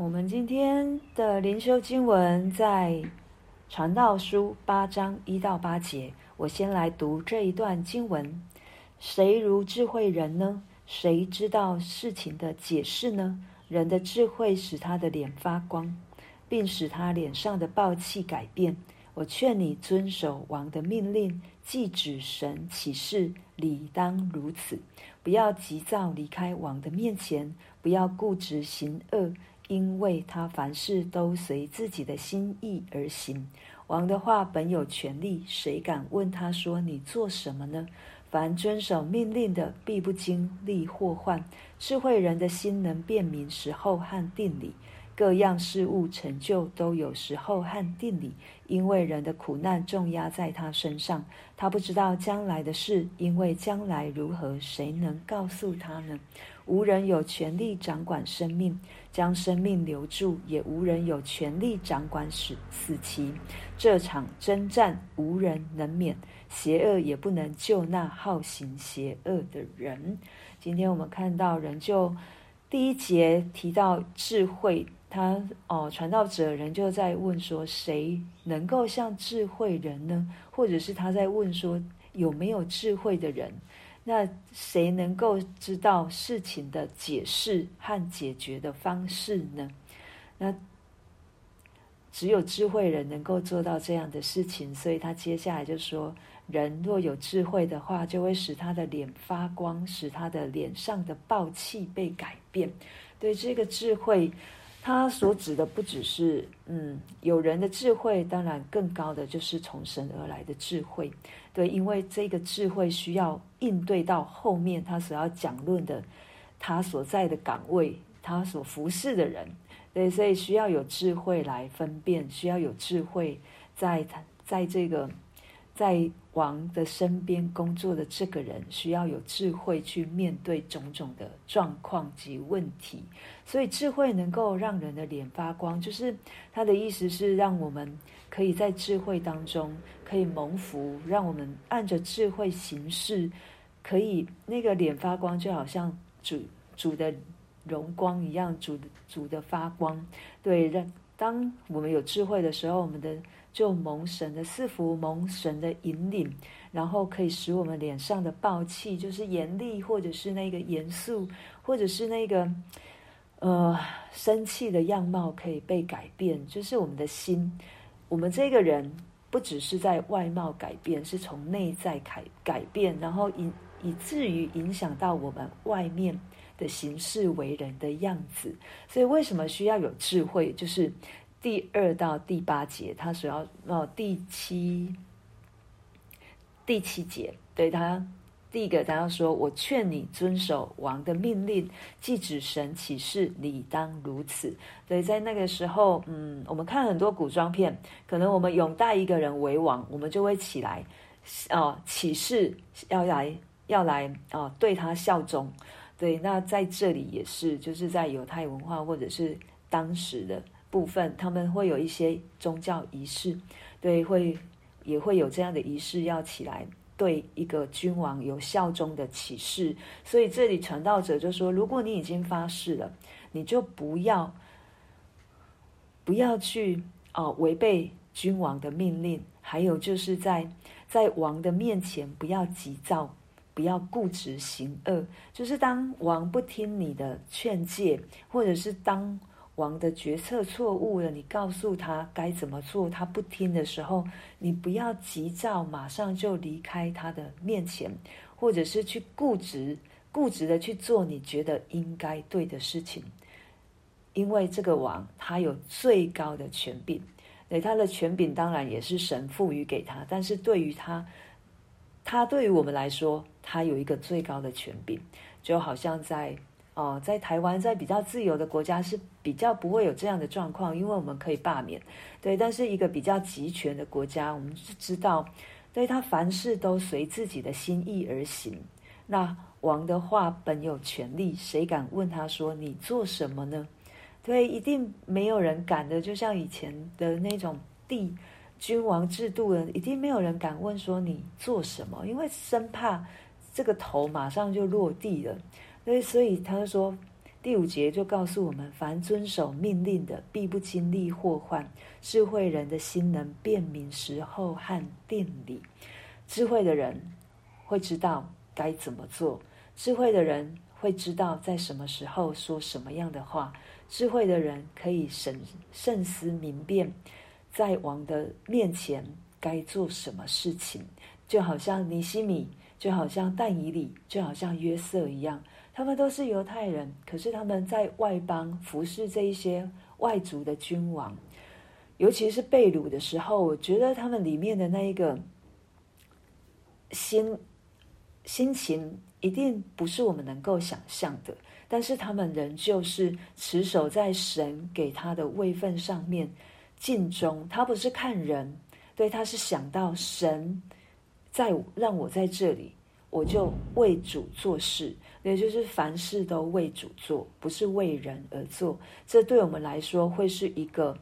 我們今天的靈修經文在《傳道書》八章一到八節。我先來讀這一段經文：誰如智慧人呢？誰知道事情的解釋呢？人的智慧使他的臉發光，並使他臉上的暴氣改變。我勸你遵守王的命令，既指神起誓，理當如此。不要急躁離開王的面前，不要固執行惡。因為他凡事都隨自己的心意而行，王的話本有權力，誰敢問他說，你做什麼呢？凡遵守命令的，必不經歷禍患。智慧人的心能辨明時候和定理，各樣事物成就都有時候和定理。因為人的苦難重壓在他身上，他不知道將來的事，因為將來如何，誰能告訴他呢？無人有權力掌管生命，將生命留住，也無人有權力掌管死死期。這場征戰，無人能免，邪惡也不能救那好行邪惡的人。今天我們看到人就第一節提到智慧，他哦傳道者人就在問說，誰能夠像智慧人呢？或者是他在問說，有沒有智慧的人？那誰能夠知道事情的解釋和解決的方式呢？那只有智慧人能夠做到這樣的事情。所以他接下來就說：人若有智慧的話，就會使他的臉發光，使他的臉上的暴氣被改變。對，這個智慧，他所指的不只是嗯有人的智慧，當然更高的就是從神而來的智慧。因為這個智慧需要應對到後面他所要講論的，他所在的崗位，他所服侍的人，對，所以需要有智慧來分辨，需要有智慧在在這個在王的身邊工作的這個人，需要有智慧去面對種種的狀況及問題。所以智慧能夠讓人的臉發光，就是他的意思是讓我們。可以在智慧當中可以蒙福，讓我們按着智慧行事，可以那個臉發光，就好像主主的榮光一樣，主主的發光。對，讓當我們有智慧的時候，我們的就蒙神的賜福，蒙神的引領，然後可以使我們臉上的暴氣，就是嚴厲或者是那個嚴肅，或者是那個呃生氣的樣貌，可以被改變，就是我們的心。我們這個人不只是在外貌改變，是從內在改改變，然後以以至於影響到我們外面的形式為人的樣子。所以為什麼需要有智慧？就是第二到第八節，他所要，哦，第七、第七節，對他。第一個，他要說：“我勸你遵守王的命令，既指神起誓，理當如此。”對，所以在那個時候，嗯，我們看很多古裝片，可能我們擁戴一個人為王，我們就會起來，哦，起誓要來，要來，哦，對他效忠。對，那在這裡也是，就是在猶太文化或者是當時的部分，他們會有一些宗教儀式，對，會也會有這樣的儀式要起來。對一個君王有效忠的起誓，所以這裡傳道者就說：如果你已經發誓了，你就不要，不要去哦違背君王的命令。還有就是在在王的面前不要急躁，不要固執行惡。就是當王不聽你的勸誡，或者是當。王的決策錯誤了，你告訴他該怎麼做，他不聽的時候，你不要急躁，馬上就離開他的面前，或者是去固執、固執地去做你覺得應該對的事情，因為這個王他有最高的權柄，哎，他的權柄當然也是神賦予給他，但是對於他，他對於我們來說，他有一個最高的權柄，就好像在。哦，在台灣，在比較自由的國家是比較不會有這樣的狀況，因為我們可以罷免。對，但是一個比較集權的國家，我們是知道，對他凡事都隨自己的心意而行。那王的話本有權力，誰敢問他說你做什麼呢？對，一定沒有人敢的。就像以前的那種帝君王制度的，一定沒有人敢問說你做什麼，因為生怕這個頭馬上就落地了。所以，所以他說，第五節就告訴我們：凡遵守命令的，必不經歷禍患。智慧人的心能辨明時候和定理。智慧的人會知道該怎麼做，智慧的人會知道在什麼時候說什麼樣的話，智慧的人可以審慎，慎思明辨，在王的面前該做什麼事情。就好像尼西米，就好像但以理，就好像約瑟一樣。他們都是猶太人，可是他們在外邦服侍，這一些外族的君王，尤其是被擄的時候，我覺得他們裡面的那一個心心情一定不是我們能夠想象的。但是他們仍舊是持守在神給他的位份上面盡忠。他不是看人，對，他是想到神在我，讓我在這裡，我就為主做事。也就是凡事都為主做，不是為人而做。這對我們來說會是一個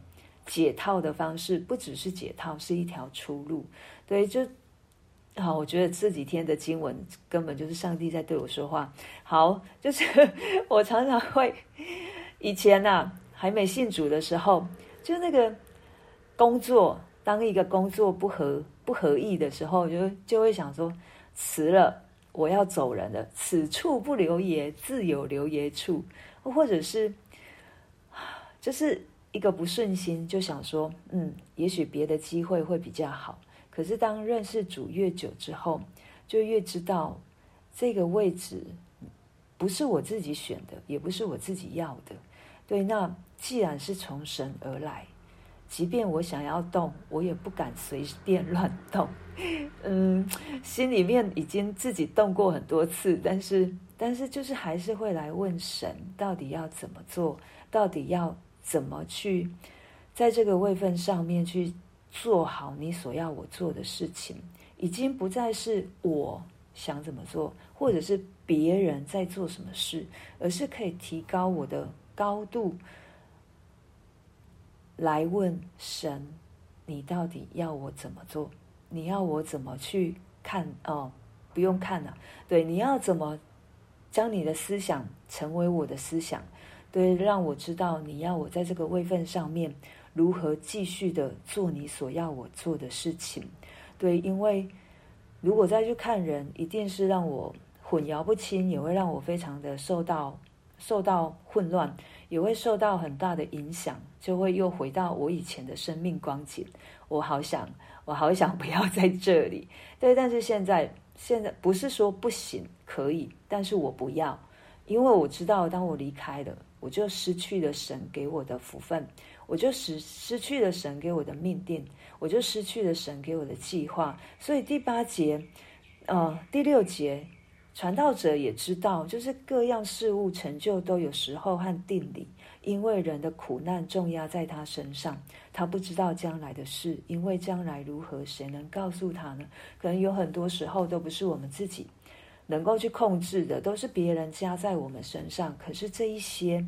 解套的方式，不只是解套，是一條出路。對，就，好，我覺得這幾天的經文根本就是上帝在對我說話。好，就是我常常會，以前吶、啊，還沒信主的時候，就那個工作，當一個工作不合不合意的時候，就就會想說辭了。我要走人了，此處不留爺，自有留爺處，或者是，就是一個不順心，就想說，嗯，也許別的機會會比較好。可是當認識主越久之後，就越知道這個位置不是我自己選的，也不是我自己要的。對，那既然是從神而來。即便我想要動，我也不敢隨便亂動。嗯，心裡面已經自己動過很多次，但是，但是就是還是會來問神：到底要怎麼做？到底要怎麼去在這個位份上面去做好你所要我做的事情？已經不再是我想怎麼做，或者是別人在做什麼事，而是可以提高我的高度。來問神，你到底要我怎麼做？你要我怎麼去看？哦，不用看了、啊。對，你要怎麼將你的思想成為我的思想？對，讓我知道你要我在這個位份上面如何繼續的做你所要我做的事情。對，因為如果再去看人，一定是讓我混淆不清，也會讓我非常的受到，受到混亂，也會受到很大的影響。就會又回到我以前的生命光景，我好想，我好想不要在這裡。對，但是現在，現在不是說不行，可以，但是我不要，因為我知道，當我離開了，我就失去了神給我的福分，我就失失去了神給我的命定，我就失去了神給我的計劃。所以第八節，呃，第六節，傳道者也知道，就是各樣事務成就都有時候和定理。因為人的苦難重壓在他身上，他不知道將來的事，因為將來如何，誰能告訴他呢？可能有很多時候都不是我們自己能夠去控制的，都是別人加在我們身上。可是這一些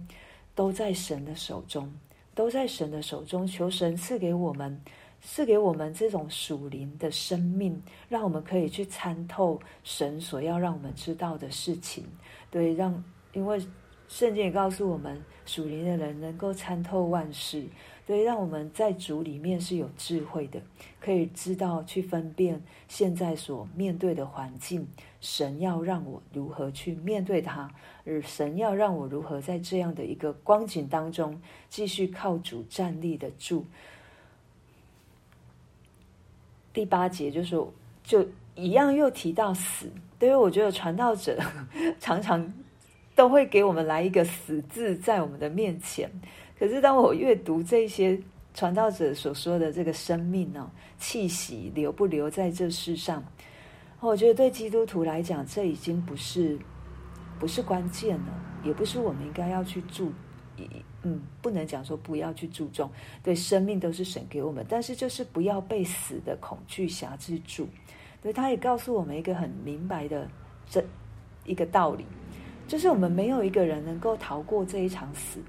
都在神的手中，都在神的手中。求神賜給我們，賜給我們這種屬靈的生命，讓我們可以去參透神所要讓我們知道的事情。對，讓，因為。聖經也告訴我們，屬靈的人能夠參透萬事，所以讓我們在主裡面是有智慧的，可以知道去分辨現在所面對的環境。神要讓我如何去面對它，而神要讓我如何在這樣的一個光景當中繼續靠主站立得住。第八節就是就一樣又提到死，對於我覺得傳道者常常。都會給我們來一個死字在我們的面前。可是，當我閱讀這些傳道者所說的這個生命呢、啊，氣息留不留在這世上？我覺得，對基督徒來講，這已經不是不是關鍵了，也不是我們應該要去注，嗯，不能講說不要去注重。對，生命都是神給我們，但是就是不要被死的恐懼轄制住。所以，他也告訴我們一個很明白的這一個道理。就是我們沒有一個人能夠逃過這一場死，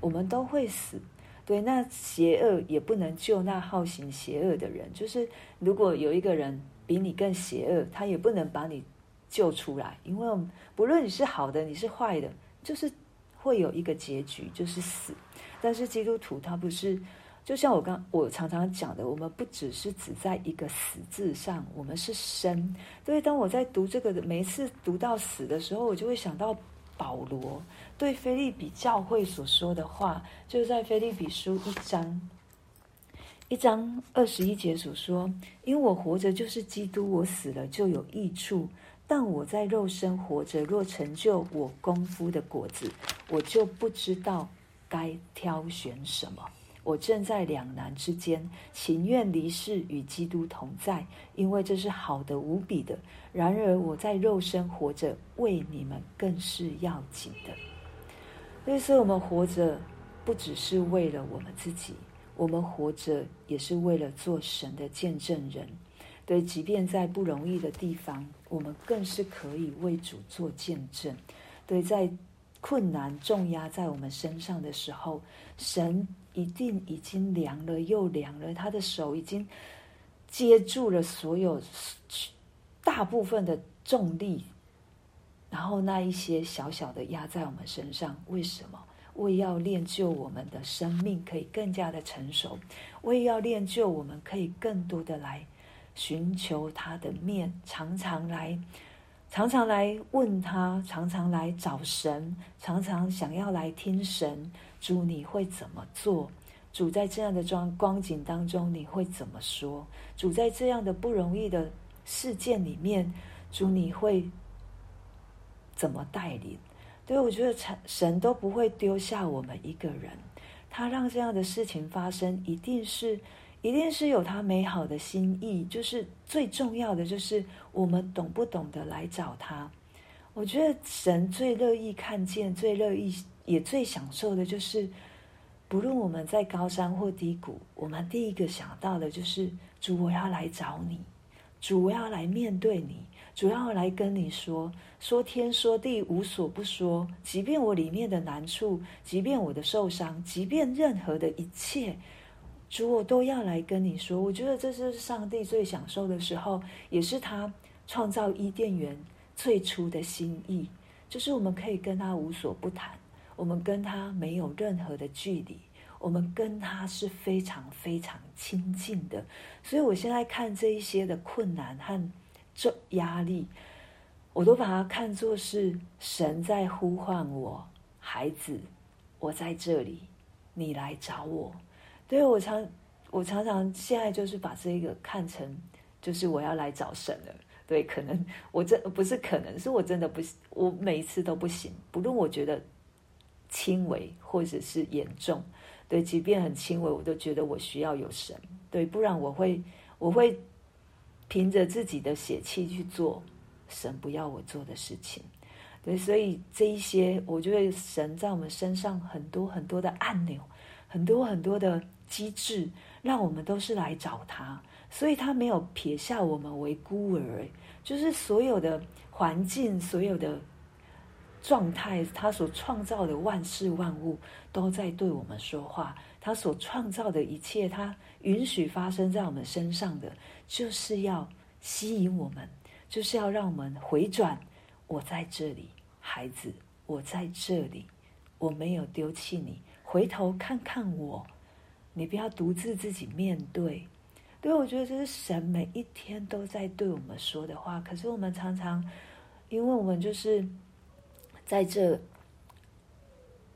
我們都會死。對，那邪惡也不能救那好行邪惡的人。就是如果有一個人比你更邪惡，他也不能把你救出來，因為不論你是好的，你是壞的，就是會有一個結局，就是死。但是基督徒他不是。就像我剛我常常講的，我們不只是只在一個死字上，我們是生。所以，當我在讀這個的，每一次讀到死的時候，我就會想到保羅對腓立比教會所說的話，就在《腓立比書一章》一章一章二十一節所說：“因為我活着就是基督，我死了就有益處。但我在肉身活着，若成就我功夫的果子，我就不知道該挑選什麼。”我正在兩難之間，情願離世與基督同在，因為這是好得無比的。然而，我在肉身活着，為你們更是要緊的。所以說，我們活着不只是為了我們自己，我們活着也是為了做神的見證人。對，即便在不容易的地方，我們更是可以為主做見證。對，在困難重壓在我們身上的時候，神。一定已經涼了又涼了，他的手已經接住了所有大部分的重力，然後那一些小小的壓在我們身上，為什麼？為要練就我們的生命可以更加的成熟，為要練就我們可以更多的來尋求他的面，常常來。常常來問他，常常來找神，常常想要來聽神。主，你會怎麼做？主在這樣的狀光景當中，你會怎麼說？主在這樣的不容易的事件裡面，主你會怎麼帶領？對，我覺得神都不會丟下我們一個人。他讓這樣的事情發生，一定是。一定是有他美好的心意，就是最重要的，就是我們懂不懂得來找他。我覺得神最樂意看見、最樂意也最享受的，就是不論我們在高山或低谷，我們第一個想到的，就是主，我要來找你，主，我要來面對你，主要來跟你說，說天說地，無所不說，即便我裡面的難處，即便我的受傷，即便任何的一切。主，我都要來跟你說。我覺得這是上帝最享受的時候，也是他創造伊甸園最初的心意，就是我們可以跟他無所不談，我們跟他沒有任何的距離，我們跟他是非常非常親近的。所以我現在看這一些的困難和這壓力，我都把它看作是神在呼喚我，孩子，我在這裡，你來找我。對，我常我常常現在就是把這個看成，就是我要來找神了，對，可能我真不是可能，是我真的不，我每一次都不行。不論我覺得輕微或者是嚴重，對，即便很輕微，我都覺得我需要有神。對，不然我會我會憑着自己的血氣去做神不要我做的事情。對，所以這一些，我覺得神在我們身上很多很多的按鈕。很多很多的機制，讓我們都是來找他，所以他沒有撇下我們為孤兒。就是所有的環境，所有的狀態，他所創造的萬事萬物都在對我們說話。他所創造的一切，他允許發生在我們身上的，就是要吸引我們，就是要讓我們回轉。我在這裡，孩子，我在這裡，我沒有丟棄你。回頭看看我，你不要獨自自己面對。對，我覺得這是神每一天都在對我們說的話。可是我們常常，因為我們就是在這，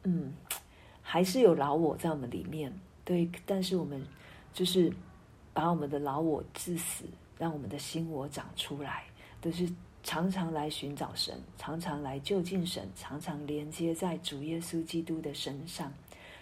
嗯，還是有老我在我們裡面。對，但是我們就是把我們的老我治死，讓我們的新我長出來。都，就是常常來尋找神，常常來就近神，常常連接在主耶穌基督的身上。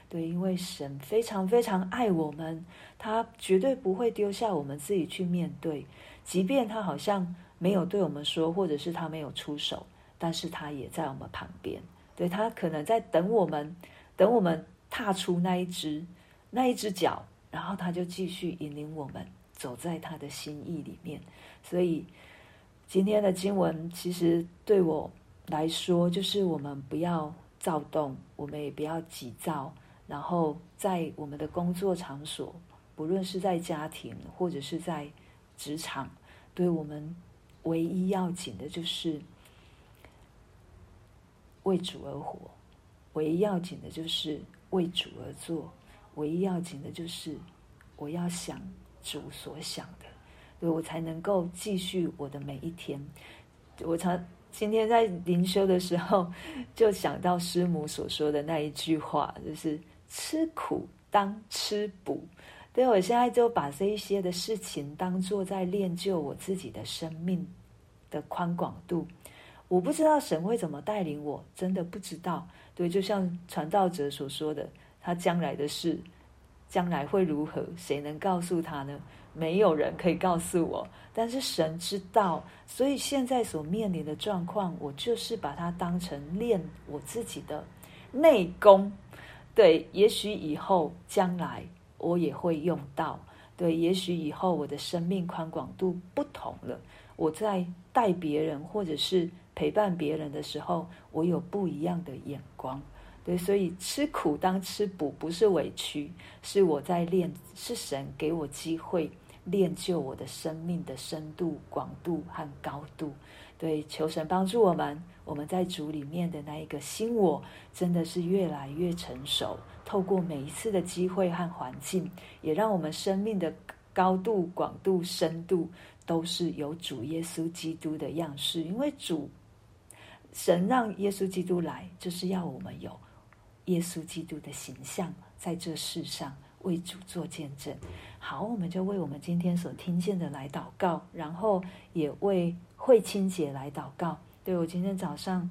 對，因為神非常非常愛我們，他絕對不會丟下我們自己去面對，即便他好像沒有對我們說，或者是他沒有出手，但是他也在我們旁邊。對，他可能在等我們，等我們踏出那一隻，那一隻腳，然後他就繼續引領我們走在他的心意裡面。所以今天的經文其實對我來說，就是我們不要躁動，我們也不要急躁。然後在我們的工作場所，不論是在家庭或者是在職場，對我們唯一要緊的就是為主而活；唯一要緊的就是為主而做；唯一要緊的就是我要想主所想的，所以我才能夠繼續我的每一天。我常今天在靈修的時候就想到師母所說的那一句話，就是。吃苦當吃補，對，我現在就把這一些的事情當做在練就我自己的生命的寬廣度。我不知道神會怎麼帶領我，真的不知道。對，就像傳道者所說的，他將來的事，將來會如何，誰能告訴他呢？沒有人可以告訴我，但是神知道。所以現在所面臨的狀況，我就是把它當成練我自己的內功。對，也許以後將來我也會用到。對，也許以後我的生命寬廣度不同了。我在帶別人或者是陪伴別人的時候，我有不一樣的眼光。對，所以吃苦當吃補，不是委屈，是我在練，是神給我機會練就我的生命的深度、廣度和高度。對，求神幫助我們。我們在主裡面的那一個心我，真的是越來越成熟。透過每一次的機會和環境，也讓我們生命的高度、廣度、深度，都是有主耶穌基督的樣式。因為主神讓耶穌基督來，就是要我們有耶穌基督的形象，在這世上為主做見證。好，我們就為我們今天所聽見的來禱告，然後也為慧清姐來禱告。對，我今天早上。